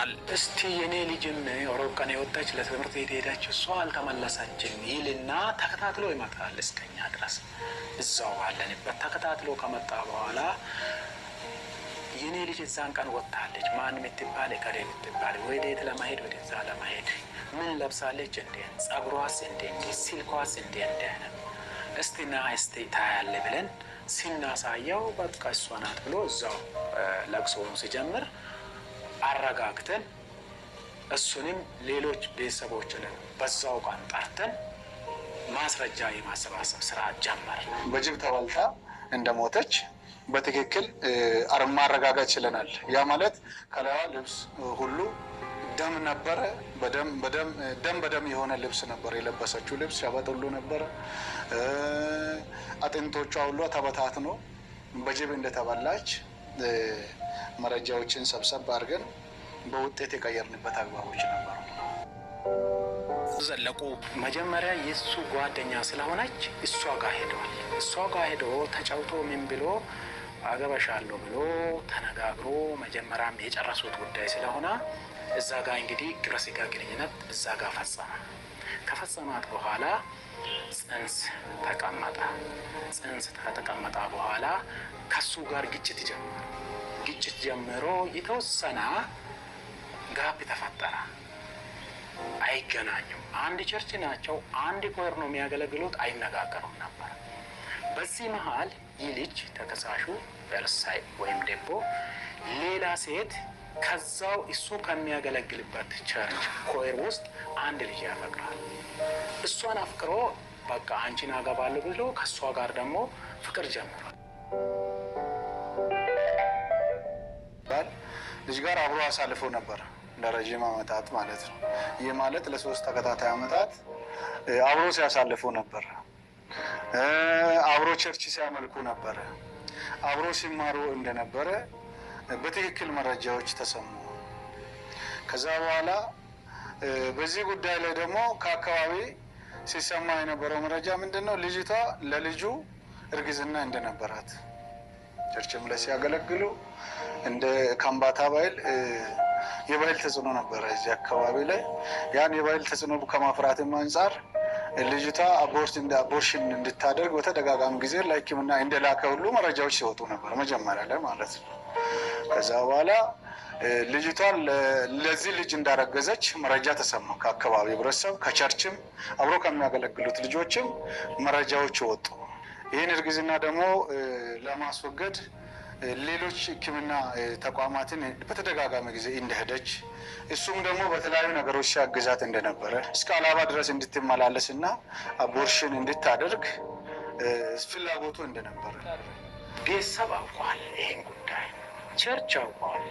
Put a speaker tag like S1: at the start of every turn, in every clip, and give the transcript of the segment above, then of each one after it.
S1: ይሆናል። እስቲ የኔ ልጅም ሮብ ቀን የወጣች ለትምህርት ቤት ሄዳች እሷ አልተመለሰችም ይልና ተከታትሎ ይመጣል እስከኛ ድረስ እዛው ባለንበት ተከታትሎ ከመጣ በኋላ የኔ ልጅ እዛን ቀን ወጥታለች። ማን የምትባል ከሌ የምትባል ወዴት ለማሄድ ወደዛ ለማሄድ ምን ለብሳለች፣ እንዴን ጸጉሯስ፣ እንዴ እንዴ ሲልኳስ፣ እንዴ እንዴ አይነት እስቲና እስቲ ታያለ ብለን ሲናሳየው በቃ እሷ ናት ብሎ እዛው ለቅሶውን ሲጀምር አረጋግተን እሱንም ሌሎች ቤተሰቦችንን በዛው ቋን ጠርተን ማስረጃ የማሰባሰብ ስራ ጀመር።
S2: በጅብ ተበልታ እንደሞተች በትክክል ማረጋገጥ ችለናል። ያ ማለት ከላዋ ልብስ ሁሉ ደም ነበረ። ደም በደም የሆነ ልብስ ነበር የለበሰችው። ልብስ ሸበጥ ሁሉ ነበረ። አጥንቶቿ ሁሉ ተበታትኖ በጅብ እንደተበላች መረጃዎችን ሰብሰብ አድርገን በውጤት የቀየርንበት አግባቦች ነበሩ።
S1: ዘለቁ መጀመሪያ የእሱ ጓደኛ ስለሆነች እሷ ጋር ሄደዋል። እሷ ጋር ሄዶ ተጫውቶ ምን ብሎ አገባሻለሁ ብሎ ተነጋግሮ መጀመሪያም የጨረሱት ጉዳይ ስለሆነ እዛ ጋር እንግዲህ ግብረ ስጋ ግንኙነት እዛ ጋር ፈጸመ። ከፈጸማት በኋላ ጽንስ ተቀመጠ። ጽንስ ከተቀመጠ በኋላ ከሱ ጋር ግጭት ጀመረ። ግጭት ጀምሮ የተወሰነ ጋፕ ተፈጠረ። አይገናኙም። አንድ ቸርች ናቸው፣ አንድ ኮር ነው የሚያገለግሉት። አይነጋገሩም ነበር። በዚህ መሀል ይህ ልጅ ተከሳሹ በርሳይ ወይም ደግሞ ሌላ ሴት ከዛው እሱ ከሚያገለግልበት ቸርች ኮር ውስጥ አንድ ልጅ ያፈቅራል። እሷን አፍቅሮ በቃ አንቺን አገባለሁ ብሎ ከእሷ ጋር ደግሞ ፍቅር ጀምሯል።
S2: ልጅ ጋር አብሮ አሳልፎ ነበር ለረዥም ዓመታት ማለት ነው። ይህ ማለት ለሶስት ተከታታይ ዓመታት አብሮ ሲያሳልፉ ነበር። አብሮ ቸርች ሲያመልኩ ነበረ። አብሮ ሲማሩ እንደነበረ በትክክል መረጃዎች ተሰሙ። ከዛ በኋላ በዚህ ጉዳይ ላይ ደግሞ ከአካባቢ ሲሰማ የነበረው መረጃ ምንድን ነው? ልጅቷ ለልጁ እርግዝና እንደነበራት ቸርችም ላይ ሲያገለግሉ እንደ ከምባታ ባይል የባይል ተጽዕኖ ነበረ እዚህ አካባቢ ላይ። ያን የባይል ተጽዕኖ ከማፍራትም አንጻር ልጅቷ አቦርሽን እንድታደርግ በተደጋጋሚ ጊዜ ለሕክምና እንደላከ ሁሉ መረጃዎች ሲወጡ ነበር መጀመሪያ ላይ ማለት ነው። ከዛ በኋላ ልጅቷን ለዚህ ልጅ እንዳረገዘች መረጃ ተሰማ። ከአካባቢ ህብረተሰብ፣ ከቸርችም አብሮ ከሚያገለግሉት ልጆችም መረጃዎች ወጡ። ይህን እርግዝና ደግሞ ለማስወገድ ሌሎች ሕክምና ተቋማትን በተደጋጋሚ ጊዜ እንደሄደች እሱም ደግሞ በተለያዩ ነገሮች ሲያግዛት እንደነበረ እስከ አላባ ድረስ እንድትመላለስ እና አቦርሽን እንድታደርግ ፍላጎቱ እንደነበረ
S1: ቤተሰብ አውቋል። ይህን ጉዳይ ቸርች አውቋል።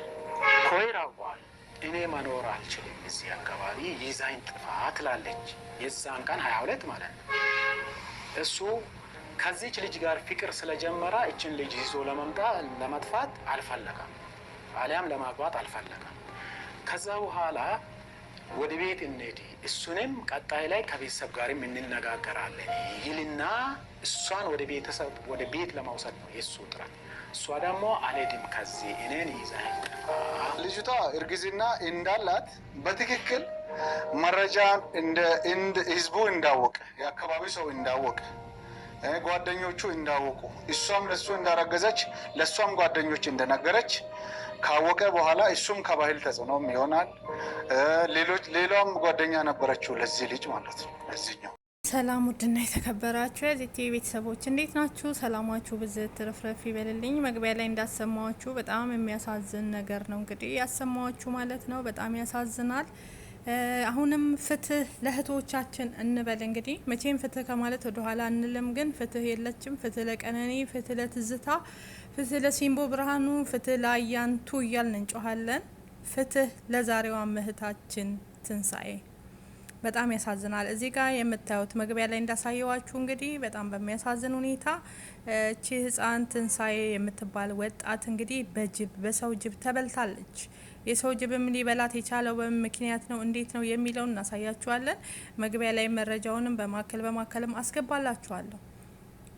S1: ኮይራቧል። እኔ መኖር አልችልም እዚህ አካባቢ ይዛኝ ጥፋ ትላለች። የዛን ቀን ሀያ ሁለት ማለት ነው። እሱ ከዚች ልጅ ጋር ፍቅር ስለጀመረ እችን ልጅ ይዞ ለመምጣት ለመጥፋት አልፈለገም፣ አሊያም ለማግባት አልፈለገም። ከዛ በኋላ ወደ ቤት እንሂድ፣ እሱንም ቀጣይ ላይ ከቤተሰብ ጋርም እንነጋገራለን ይልና እሷን ወደ ቤተሰብ ወደ ቤት ለማውሰድ ነው የእሱ ጥረት። እሷ ደግሞ አልሄድም ከዚህ እኔን ይዛ
S2: ልጅቷ እርግዝና እንዳላት በትክክል መረጃን ህዝቡ እንዳወቀ፣ የአካባቢው ሰው እንዳወቀ፣ ጓደኞቹ እንዳወቁ እሷም ለሱ እንዳረገዘች ለእሷም ጓደኞች እንደነገረች ካወቀ በኋላ እሱም ከባህል ተጽዕኖም ይሆናል። ሌሎች ሌላም ጓደኛ ነበረችው ለዚህ ልጅ ማለት ነው ለዚህኛው
S3: ሰላም ውድና የተከበራችሁ የዚህ ቤተሰቦች እንዴት ናችሁ? ሰላማችሁ ብዝት ትርፍረፍ ይበልልኝ። መግቢያ ላይ እንዳሰማችሁ በጣም የሚያሳዝን ነገር ነው እንግዲህ ያሰማችሁ ማለት ነው። በጣም ያሳዝናል። አሁንም ፍትህ ለእህቶቻችን እንበል። እንግዲህ መቼም ፍትህ ከማለት ወደኋላ አንልም፣ ግን ፍትህ የለችም። ፍትህ ለቀነኒ፣ ፍትህ ለትዝታ፣ ፍትህ ለሲምቦ ብርሃኑ፣ ፍትህ ለአያንቱ እያልን እንጮኋለን። ፍትህ ለዛሬዋ እህታችን ትንሳኤ። በጣም ያሳዝናል። እዚህ ጋር የምታዩት መግቢያ ላይ እንዳሳየዋችሁ እንግዲህ በጣም በሚያሳዝን ሁኔታ እቺ ህፃን ትንሳኤ የምትባል ወጣት እንግዲህ በጅብ በሰው ጅብ ተበልታለች። የሰው ጅብም ሊበላት የቻለው በምን ምክንያት ነው፣ እንዴት ነው የሚለውን እናሳያችኋለን። መግቢያ ላይ መረጃውንም በማከል በማከልም አስገባላችኋለሁ።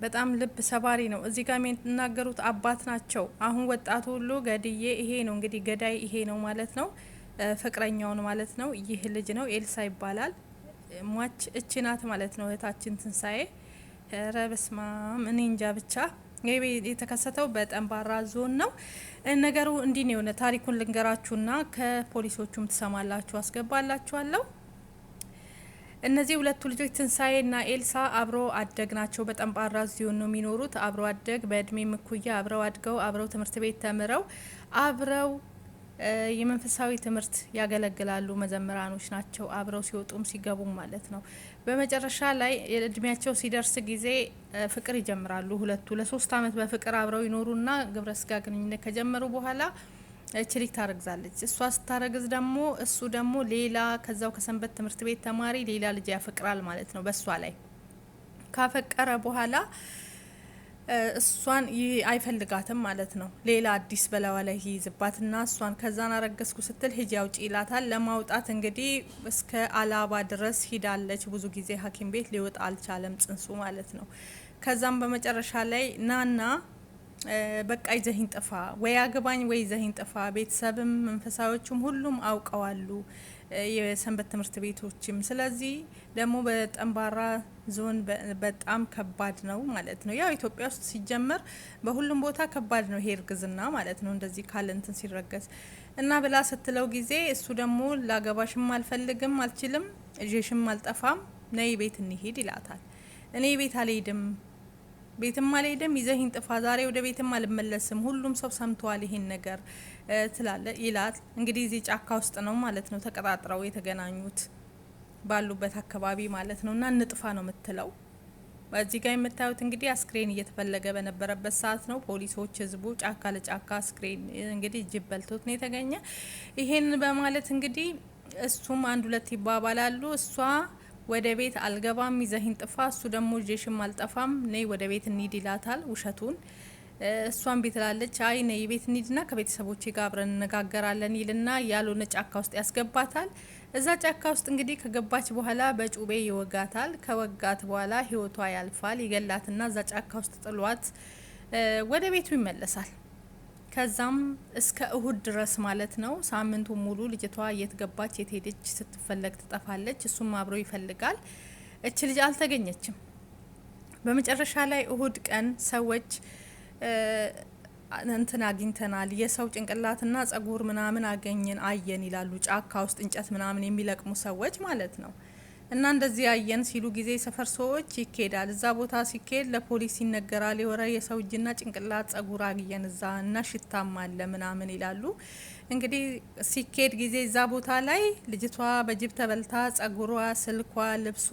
S3: በጣም ልብ ሰባሪ ነው። እዚህ ጋር የሚናገሩት አባት ናቸው። አሁን ወጣቱ ሁሉ ገድዬ ይሄ ነው እንግዲህ ገዳይ ይሄ ነው ማለት ነው፣ ፍቅረኛውን ማለት ነው። ይህ ልጅ ነው ኤልሳ ይባላል። ሟች እችናት ማለት ነው እህታችን ትንሳኤ ረበስማ እኔ እንጃ ብቻ ይህ የተከሰተው በጠንባራ ዞን ነው። ነገሩ እንዲህ የሆነ ታሪኩን ልንገራችሁና ከፖሊሶቹም ትሰማላችሁ አስገባላችኋለሁ። እነዚህ ሁለቱ ልጆች ትንሳኤና ኤልሳ አብሮ አደግ ናቸው። በጠንባራ ዞን ነው የሚኖሩት። አብሮ አደግ በእድሜ ምኩያ አብረው አድገው አብረው ትምህርት ቤት ተምረው አብረው የመንፈሳዊ ትምህርት ያገለግላሉ መዘምራኖች ናቸው፣ አብረው ሲወጡም ሲገቡም ማለት ነው። በመጨረሻ ላይ እድሜያቸው ሲደርስ ጊዜ ፍቅር ይጀምራሉ። ሁለቱ ለሶስት አመት በፍቅር አብረው ይኖሩና ግብረ ስጋ ግንኙነት ከጀመሩ በኋላ ችሊክ ታረግዛለች። እሷ ስታረግዝ ደግሞ እሱ ደግሞ ሌላ ከዛው ከሰንበት ትምህርት ቤት ተማሪ ሌላ ልጅ ያፈቅራል ማለት ነው በእሷ ላይ ካፈቀረ በኋላ እሷን አይፈልጋትም ማለት ነው። ሌላ አዲስ በላዋ ላይ ይይዝባትና እሷን ከዛን አረገዝኩ ስትል ሂጂ አውጪ ይላታል። ለማውጣት እንግዲህ እስከ አላባ ድረስ ሂዳለች። ብዙ ጊዜ ሐኪም ቤት ሊወጣ አልቻለም ጽንሱ ማለት ነው። ከዛም በመጨረሻ ላይ ናና በቃ ይዘህኝ ጥፋ፣ ወይ አግባኝ ወይ ይዘህኝ ጥፋ። ቤተሰብም መንፈሳዊዎቹም ሁሉም አውቀዋሉ የሰንበት ትምህርት ቤቶችም። ስለዚህ ደግሞ በጠንባራ ዞን በጣም ከባድ ነው ማለት ነው። ያው ኢትዮጵያ ውስጥ ሲጀመር በሁሉም ቦታ ከባድ ነው ይሄ እርግዝና ማለት ነው። እንደዚህ ካለ እንትን ሲረገዝ እና ብላ ስትለው ጊዜ እሱ ደግሞ ላገባሽም አልፈልግም፣ አልችልም፣ እዤሽም አልጠፋም፣ ነይ ቤት እንሄድ ይላታል። እኔ ቤት አልሄድም ቤትም አልሄድም፣ ይዘህን ጥፋ፣ ዛሬ ወደ ቤትም አልመለስም፣ ሁሉም ሰው ሰምተዋል ይሄን ነገር ትላለ ይላል። እንግዲህ እዚህ ጫካ ውስጥ ነው ማለት ነው ተቀጣጥረው የተገናኙት ባሉበት አካባቢ ማለት ነው። እና እንጥፋ ነው የምትለው። በዚህ ጋር የምታዩት እንግዲህ አስክሬን እየተፈለገ በነበረበት ሰዓት ነው። ፖሊሶች፣ ህዝቡ ጫካ ለጫካ አስክሬን እንግዲህ እጅ በልቶት ነው የተገኘ። ይሄን በማለት እንግዲህ እሱም አንድ ሁለት ይባባላሉ እሷ ወደ ቤት አልገባም፣ ይዘህን ጥፋ፣ እሱ ደግሞ ጄሽም አልጠፋም፣ ነይ ወደ ቤት እንሂድ ይላታል። ውሸቱን እሷን ቤት ላለች አይ ነይ ቤት እንሂድና ከቤተሰቦቼ ጋር አብረን እነጋገራለን ይልና ያልሆነ ጫካ ውስጥ ያስገባታል። እዛ ጫካ ውስጥ እንግዲህ ከገባች በኋላ በጩቤ ይወጋታል። ከወጋት በኋላ ህይወቷ ያልፋል። ይገላትና እዛ ጫካ ውስጥ ጥሏት ወደ ቤቱ ይመለሳል። ከዛም እስከ እሁድ ድረስ ማለት ነው። ሳምንቱ ሙሉ ልጅቷ የት ገባች፣ የት ሄደች ስትፈለግ ትጠፋለች። እሱም አብሮ ይፈልጋል። እች ልጅ አልተገኘችም። በመጨረሻ ላይ እሁድ ቀን ሰዎች እንትን አግኝተናል፣ የሰው ጭንቅላትና ጸጉር ምናምን አገኘን አየን ይላሉ። ጫካ ውስጥ እንጨት ምናምን የሚለቅሙ ሰዎች ማለት ነው። እና እንደዚህ ያየን ሲሉ ጊዜ ሰፈር ሰዎች ይኬዳል። እዛ ቦታ ሲኬድ ለፖሊስ ይነገራል። የወረ የሰው እጅና ጭንቅላት ጸጉር አግየን እዛ እና ሽታም አለ ምናምን ይላሉ። እንግዲህ ሲኬድ ጊዜ እዛ ቦታ ላይ ልጅቷ በጅብ ተበልታ ጸጉሯ፣ ስልኳ፣ ልብሷ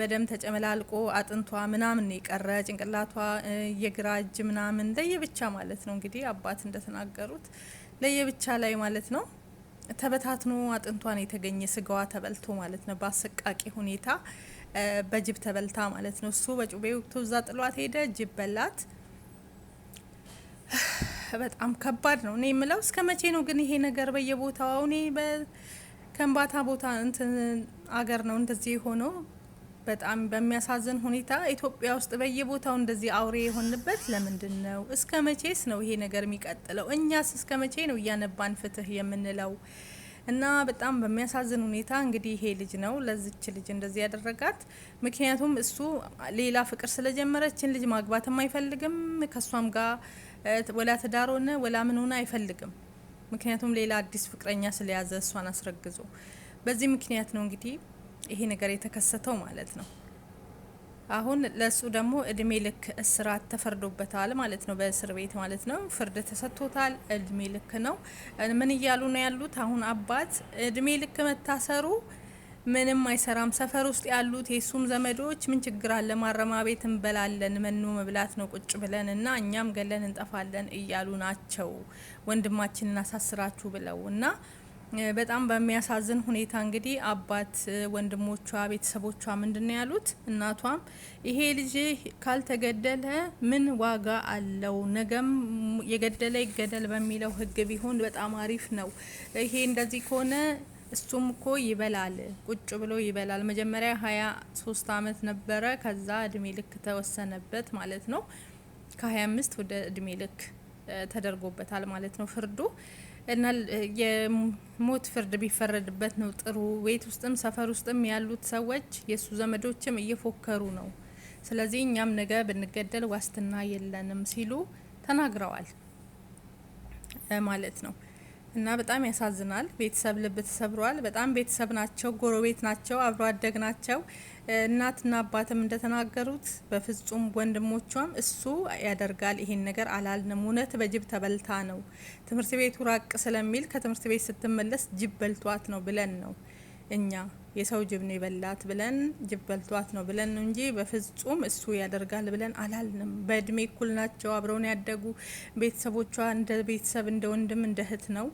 S3: በደም ተጨመላልቆ አጥንቷ ምናምን የቀረ ጭንቅላቷ የግራ እጅ ምናምን ለየብቻ ማለት ነው እንግዲህ አባት እንደተናገሩት ለየብቻ ላይ ማለት ነው ተበታትኖ አጥንቷን የተገኘ ስጋዋ ተበልቶ ማለት ነው። በአሰቃቂ ሁኔታ በጅብ ተበልታ ማለት ነው። እሱ በጩቤ ወቅቶ እዛ ጥሏት ሄደ፣ ጅብ በላት። በጣም ከባድ ነው። እኔ የምለው እስከ መቼ ነው ግን ይሄ ነገር በየቦታው እኔ ከንባታ ቦታ እንትን አገር ነው እንደዚህ የሆነው። በጣም በሚያሳዝን ሁኔታ ኢትዮጵያ ውስጥ በየቦታው እንደዚህ አውሬ የሆንበት ለምንድን ነው? እስከ መቼስ ነው ይሄ ነገር የሚቀጥለው? እኛስ እስከ መቼ ነው እያነባን ፍትህ የምንለው? እና በጣም በሚያሳዝን ሁኔታ እንግዲህ ይሄ ልጅ ነው ለዚች ልጅ እንደዚህ ያደረጋት። ምክንያቱም እሱ ሌላ ፍቅር ስለጀመረችን ልጅ ማግባትም አይፈልግም። ከእሷም ጋር ወላ ትዳር ሆነ ወላ ምን ሆነ አይፈልግም። ምክንያቱም ሌላ አዲስ ፍቅረኛ ስለያዘ እሷን አስረግዞ በዚህ ምክንያት ነው እንግዲህ ይሄ ነገር የተከሰተው ማለት ነው። አሁን ለሱ ደግሞ እድሜ ልክ እስራት ተፈርዶበታል ማለት ነው። በእስር ቤት ማለት ነው። ፍርድ ተሰጥቶታል። እድሜ ልክ ነው። ምን እያሉ ነው ያሉት? አሁን አባት እድሜ ልክ መታሰሩ ምንም አይሰራም። ሰፈር ውስጥ ያሉት የሱም ዘመዶች ምን ችግር አለ፣ ማረማ ቤት እንበላለን፣ መኖ መብላት ነው ቁጭ ብለን እና እኛም ገለን እንጠፋለን እያሉ ናቸው ወንድማችንን አሳስራችሁ ብለው እና በጣም በሚያሳዝን ሁኔታ እንግዲህ አባት ወንድሞቿ፣ ቤተሰቦቿ ምንድነው ያሉት? እናቷም ይሄ ልጅ ካልተገደለ ምን ዋጋ አለው? ነገም የገደለ ይገደል በሚለው ህግ ቢሆን በጣም አሪፍ ነው። ይሄ እንደዚህ ከሆነ እሱም እኮ ይበላል፣ ቁጭ ብሎ ይበላል። መጀመሪያ ሀያ ሶስት አመት ነበረ። ከዛ እድሜ ልክ ተወሰነበት ማለት ነው። ከሀያ አምስት ወደ እድሜ ልክ ተደርጎበታል ማለት ነው ፍርዱ እና የሞት ፍርድ ቢፈረድበት ነው ጥሩ። ቤት ውስጥም ሰፈር ውስጥም ያሉት ሰዎች የእሱ ዘመዶችም እየፎከሩ ነው። ስለዚህ እኛም ነገ ብንገደል ዋስትና የለንም ሲሉ ተናግረዋል ማለት ነው። እና በጣም ያሳዝናል። ቤተሰብ ልብ ተሰብሯል። በጣም ቤተሰብ ናቸው፣ ጎረቤት ናቸው፣ አብሮ አደግ ናቸው። እናትና አባትም እንደተናገሩት በፍጹም ወንድሞቿም እሱ ያደርጋል ይሄን ነገር አላልንም፣ እውነት በጅብ ተበልታ ነው ትምህርት ቤቱ ራቅ ስለሚል ከትምህርት ቤት ስትመለስ ጅብ በልቷት ነው ብለን ነው እኛ የሰው ጅብ ነው የበላት ብለን ጅብ በልቷት ነው ብለን ነው እንጂ በፍጹም እሱ ያደርጋል ብለን አላልንም። በእድሜ እኩል ናቸው። አብረውን ያደጉ ቤተሰቦቿ እንደ ቤተሰብ፣ እንደ ወንድም፣ እንደ እህት ነው።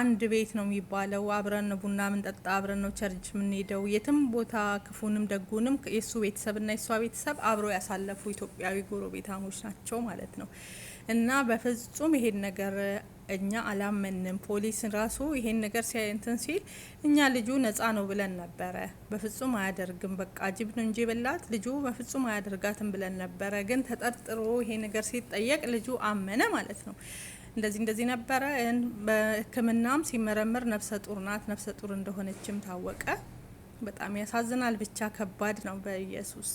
S3: አንድ ቤት ነው የሚባለው። አብረን ቡና ምንጠጣ፣ አብረን ነው ቸርች የምንሄደው። የትም ቦታ ክፉንም ደጉንም የእሱ ቤተሰብና የእሷ ቤተሰብ አብረው ያሳለፉ ኢትዮጵያዊ ጎረቤታሞች ናቸው ማለት ነው እና በፍጹም ይሄን ነገር እኛ አላመንም። ፖሊስ ራሱ ይሄን ነገር ሲያየንትን ሲል እኛ ልጁ ነፃ ነው ብለን ነበረ። በፍጹም አያደርግም፣ በቃ ጅብ ነው እንጂ በላት ልጁ በፍጹም አያደርጋትም ብለን ነበረ። ግን ተጠርጥሮ ይሄ ነገር ሲጠየቅ ልጁ አመነ ማለት ነው። እንደዚህ እንደዚህ ነበረ። በሕክምናም ሲመረምር ነፍሰ ጡር ናት፣ ነፍሰ ጡር እንደሆነችም ታወቀ። በጣም ያሳዝናል። ብቻ ከባድ ነው። በኢየሱስ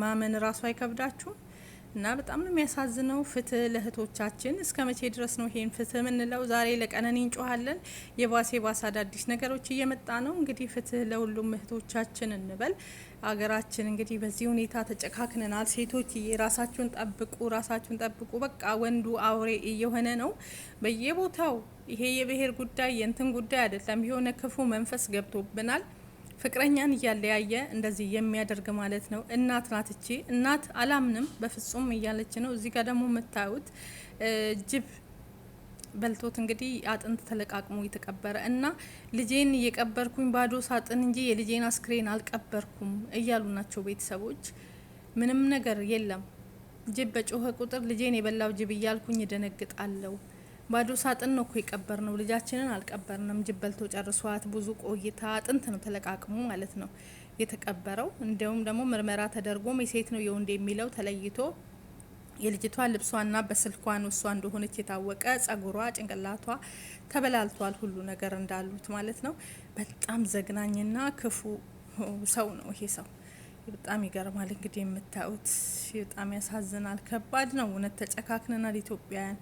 S3: ማመን ራሱ አይከብዳችሁም? እና በጣም ነው የሚያሳዝነው። ፍትህ ለእህቶቻችን እስከ መቼ ድረስ ነው ይሄን ፍትህ የምንለው? ዛሬ ለቀነኒ እንጮኋለን። የባሰ የባሰ አዳዲስ ነገሮች እየመጣ ነው። እንግዲህ ፍትህ ለሁሉም እህቶቻችን እንበል። አገራችን እንግዲህ በዚህ ሁኔታ ተጨካክነናል። ሴቶች ራሳችሁን ጠብቁ፣ ራሳችሁን ጠብቁ። በቃ ወንዱ አውሬ እየሆነ ነው በየቦታው። ይሄ የብሔር ጉዳይ የእንትን ጉዳይ አይደለም። የሆነ ክፉ መንፈስ ገብቶብናል። ፍቅረኛን እያለያየ እንደዚህ የሚያደርግ ማለት ነው። እናት ናት እቺ እናት አላምንም በፍጹም እያለች ነው። እዚህ ጋር ደግሞ የምታዩት ጅብ በልቶት እንግዲህ አጥንት ተለቃቅሞ የተቀበረ እና ልጄን እየቀበርኩኝ ባዶ ሳጥን እንጂ የልጄን አስክሬን አልቀበርኩም እያሉ ናቸው ቤተሰቦች። ምንም ነገር የለም። ጅብ በጮኸ ቁጥር ልጄን የበላው ጅብ እያልኩኝ እደነግጣለሁ ባዶ ሳጥን ነው እኮ የቀበር ነው። ልጃችንን አልቀበርንም። ጅብ በልቶ ጨርሷት ብዙ ቆይታ አጥንት ነው ተለቃቅሞ ማለት ነው የተቀበረው። እንዲሁም ደግሞ ምርመራ ተደርጎ የሴት ነው የወንድ የሚለው ተለይቶ የልጅቷ ልብሷና በስልኳን እሷ እንደሆነች የታወቀ ጸጉሯ፣ ጭንቅላቷ ተበላልቷል። ሁሉ ነገር እንዳሉት ማለት ነው። በጣም ዘግናኝና ክፉ ሰው ነው ይሄ ሰው። በጣም ይገርማል። እንግዲህ የምታዩት በጣም ያሳዝናል። ከባድ ነው እውነት። ተጨካክነናል ኢትዮጵያውያን።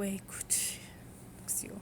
S3: ወይ ጉድ እግዚኦ!